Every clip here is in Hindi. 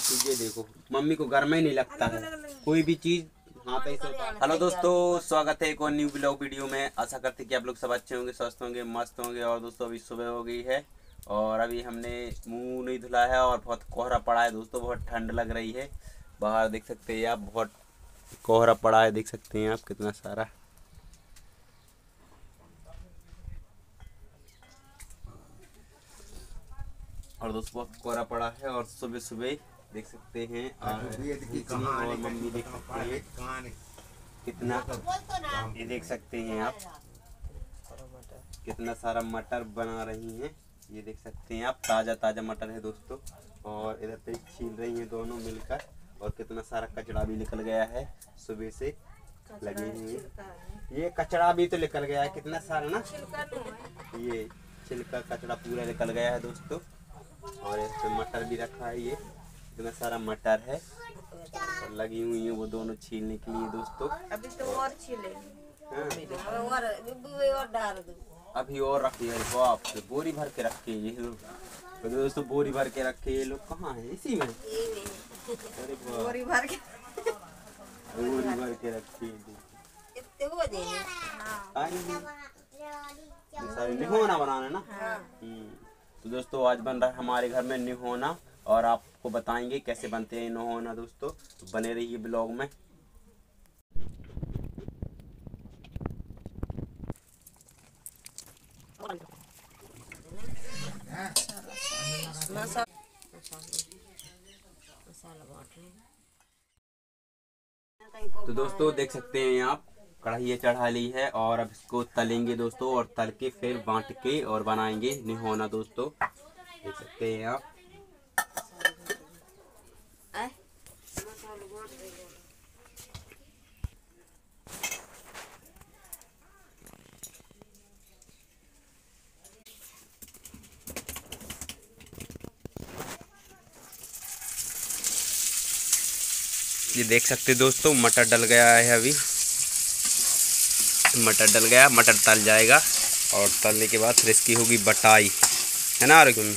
ये देखो मम्मी को गर्मा ही नहीं लगता है कोई भी चीज़ हाँ तो हेलो दोस्तों स्वागत है एक और न्यू ब्लॉग वीडियो में आशा करते कि आप लोग सब अच्छे होंगे स्वस्थ होंगे मस्त होंगे और दोस्तों अभी सुबह हो गई है और अभी हमने मुंह नहीं धुला है और बहुत कोहरा पड़ा है दोस्तों बहुत ठंड लग रही है बाहर देख सकते हैं आप बहुत कोहरा पड़ा है देख सकते हैं आप कितना सारा और दोस्तों बहुत कोहरा पड़ा है और सुबह सुबह देख सकते हैं हाँ, और मम्मी देख सकते हैं कितना ये देख सकते हैं आप कितना सारा मटर बना रही हैं ये देख सकते हैं आप ताज़ा ताज़ा मटर है दोस्तों और इधर पे छील रही हैं दोनों मिलकर और कितना सारा कचरा भी निकल गया है सुबह से लगे हुए ये कचरा भी तो निकल गया है कितना सारा ना तो ये छिलका कचरा पूरा निकल गया है दोस्तों और इस पे मटर भी रखा है ये इतना सारा मटर है और लगी हुई है वो दोनों छीलने के लिए दोस्तों अभी तो और छीलेंगे हाँ। तो अभी और रखी है आप से तो बोरी भर के रखे ये लोग तो दोस्तों बोरी भर के रखे ये लोग कहाँ है इसी में बोरी भर के बोरी भर के रखे हाँ। निहोना बनाना ना हाँ। हम्म। तो दोस्तों आज बन रहा है हमारे घर में निहोना और आप आपको बताएंगे कैसे बनते हैं होना दोस्तों तो बने रहिए ब्लॉग में तो दोस्तों देख सकते हैं आप कढ़ाई चढ़ा ली है और अब इसको तलेंगे दोस्तों और तल के फिर बांट के और बनाएंगे निहोना दोस्तों देख सकते हैं आप ये देख सकते दोस्तों मटर डल गया है अभी मटर डल गया मटर तल जाएगा और तलने के बाद फिर इसकी होगी बटाई है ना आरोग्य में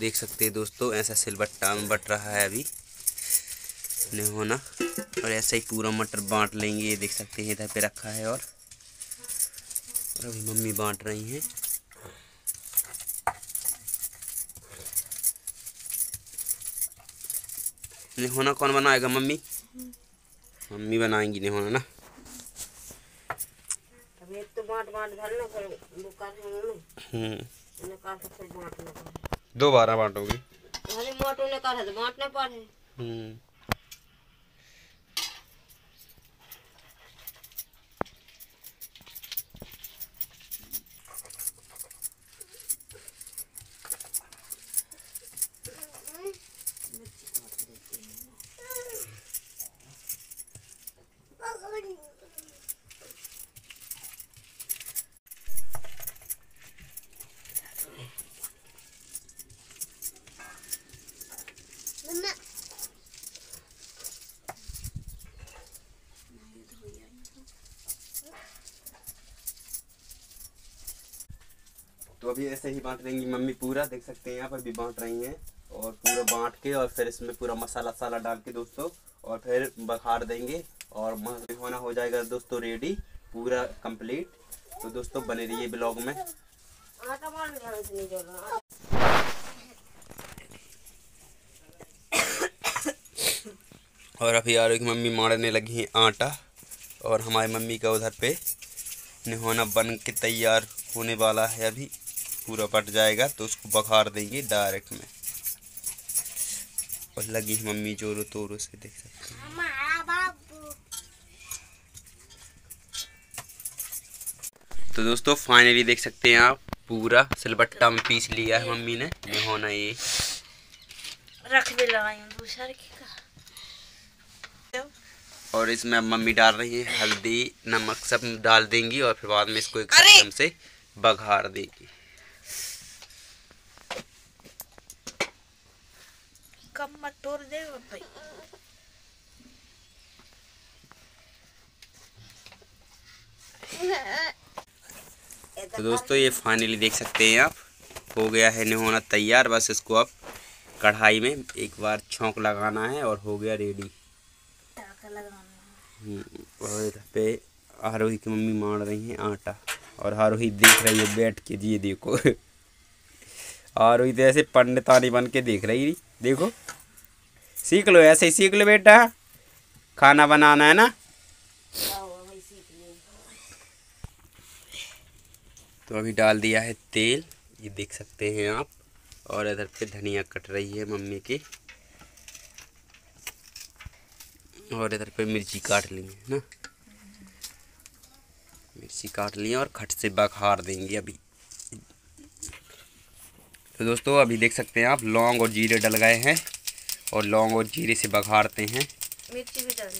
देख सकते हैं दोस्तों ऐसा सिलबट्टा में बट रहा है अभी नहीं होना और ऐसा ही पूरा मटर बांट लेंगे ये देख सकते हैं इधर पे रखा है और, और अभी मम्मी बांट रही हैं नहीं होना कौन बनाएगा मम्मी मम्मी बनाएंगी नहीं होना ना तो हम्म। बांट बांट धरना फिर दो बारह बांटोगी अरे मोटू ने तो पड़े हम्म। भी ऐसे ही बांट देंगी मम्मी पूरा देख सकते हैं यहाँ पर भी बांट रही हैं और पूरा बांट के और फिर इसमें पूरा मसाला वसाला डाल के दोस्तों और फिर बखार देंगे और होना हो जाएगा दोस्तों रेडी पूरा कंप्लीट तो दोस्तों बने रहिए ब्लॉग में और अभी आरो मम्मी मारने लगी हैं आटा और हमारी मम्मी का उधर पे निहोना बन के तैयार होने वाला है अभी पूरा पट जाएगा तो उसको बखार देंगे डायरेक्ट में और लगी मम्मी जोरो तोरो से देख सकते हैं तो दोस्तों फाइनली देख सकते हैं आप पूरा सिलबट्टा में पीस लिया है मम्मी ने ये होना ये रख दे और इसमें मम्मी डाल रही है हल्दी नमक सब डाल देंगी और फिर बाद में इसको एक से बघार देगी कम मत तोड़ दे भाई तो दोस्तों ये फाइनली देख सकते हैं आप हो गया है होना तैयार बस इसको अब कढ़ाई में एक बार छोंक लगाना है और हो गया रेडी हम्म, और इधर पे आरोही की मम्मी मार रही हैं आटा और आरोही देख रही है बैठ के दिए देखो और इधर ऐसे पंडितानी बन के देख रही देखो सीख लो ऐसे ही सीख लो बेटा खाना बनाना है ना तो अभी डाल दिया है तेल ये देख सकते हैं आप और इधर पे धनिया कट रही है मम्मी की और इधर पे मिर्ची काट लेंगे है ना मिर्ची काट लिए और खट से बखार देंगे अभी तो दोस्तों अभी देख सकते हैं आप लौंग और जीरे डल गए हैं और लौंग और जीरे से बघाड़ते हैं मिर्ची भी डाल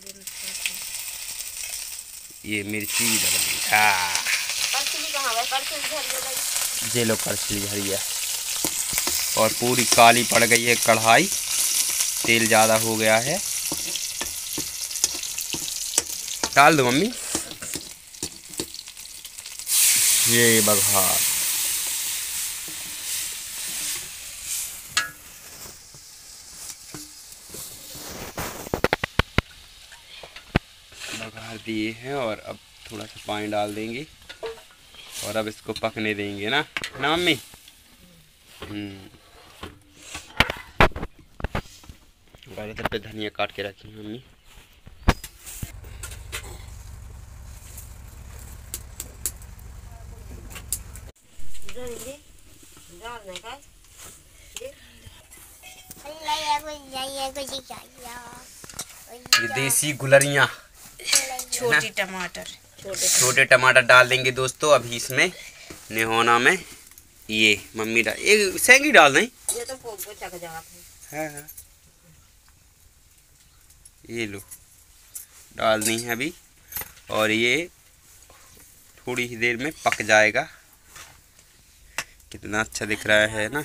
ये मिर्ची भी डल गई जे लो करछली है और पूरी काली पड़ गई है कढ़ाई तेल ज़्यादा हो गया है डाल दो मम्मी ये बघाड़ दिए हैं और अब थोड़ा सा पानी डाल देंगे और अब इसको पकने देंगे ना ना मम्मी हम्म इधर पे धनिया काट के रखी मम्मी ये देसी गुलरिया छोटी टमाटर छोटे टमाटर डाल देंगे दोस्तों अभी इसमें नेहोना में ये मम्मी डाल ये सेंगी डाल दें ये तो हाँ हाँ ये लो डालनी है अभी और ये थोड़ी ही देर में पक जाएगा कितना अच्छा दिख रहा है ना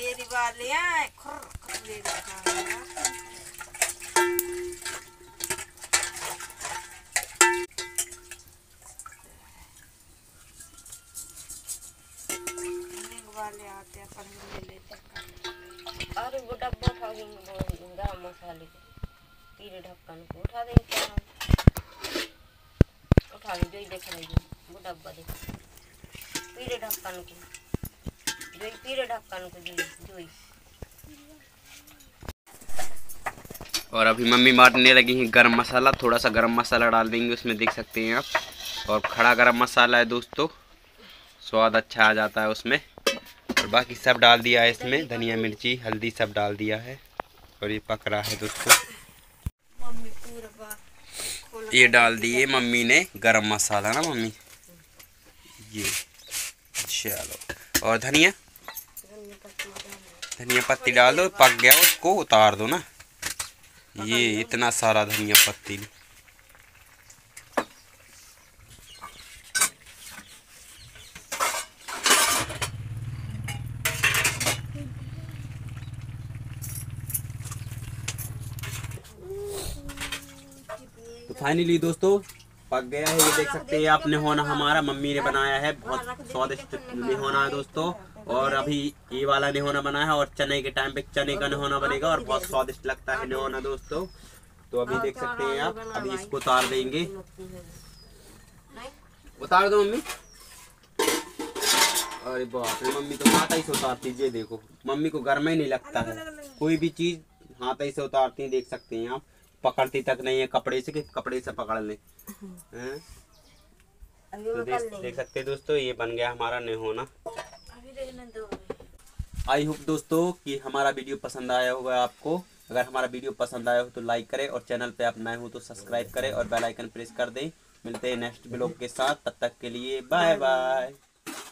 देरी वाले खुर, खुर देरी मसाले आते हैं अपन ले लेते हैं अरे वो डब्बा था उठा देंगे मसाले के तीन ढक्कन को उठा देते हैं उठा लीजिए देख लीजिए वो डब्बा देख पीले ढक्कन को जो पीले ढक्कन को जो और अभी मम्मी मारने लगी हैं गरम मसाला थोड़ा सा गरम मसाला डाल देंगे उसमें देख सकते हैं आप और खड़ा गरम मसाला है दोस्तों स्वाद अच्छा आ जाता है उसमें बाकी सब डाल दिया है इसमें धनिया मिर्ची हल्दी सब डाल दिया है और ये पक रहा है दोस्तों ये डाल दिए मम्मी ने गरम मसाला ना मम्मी ये चलो और धनिया धनिया पत्ती डाल दो पक गया उसको उतार दो ना ये इतना सारा धनिया पत्ती फाइनली दोस्तों पक गया है ये देख सकते हैं आपने होना हमारा मम्मी ने बनाया है बहुत स्वादिष्ट होना है दोस्तों और अभी ये वाला निहोना बनाया है और चने के टाइम पे चने का निहोना बनेगा और बहुत स्वादिष्ट लगता है निहोना दोस्तों तो अभी देख सकते हैं आप अभी इसको उतार देंगे उतार दो मम्मी अरे बाप रे मम्मी तो हाथ ही से उतारती है देखो मम्मी को गर्मा ही नहीं लगता है कोई भी चीज हाथ ही से उतारती है देख सकते हैं आप पकड़ती तक नहीं है कपड़े से कि कपड़े से पकड़ ले तो देख, देख सकते दोस्तों ये बन गया हमारा नेहोना आई होप दोस्तों कि हमारा वीडियो पसंद आया होगा आपको अगर हमारा वीडियो पसंद आया हो तो लाइक करें और चैनल पे आप नए हो तो सब्सक्राइब करें और बेल आइकन प्रेस कर दें मिलते हैं नेक्स्ट ब्लॉग के साथ तब तक के लिए बाय बाय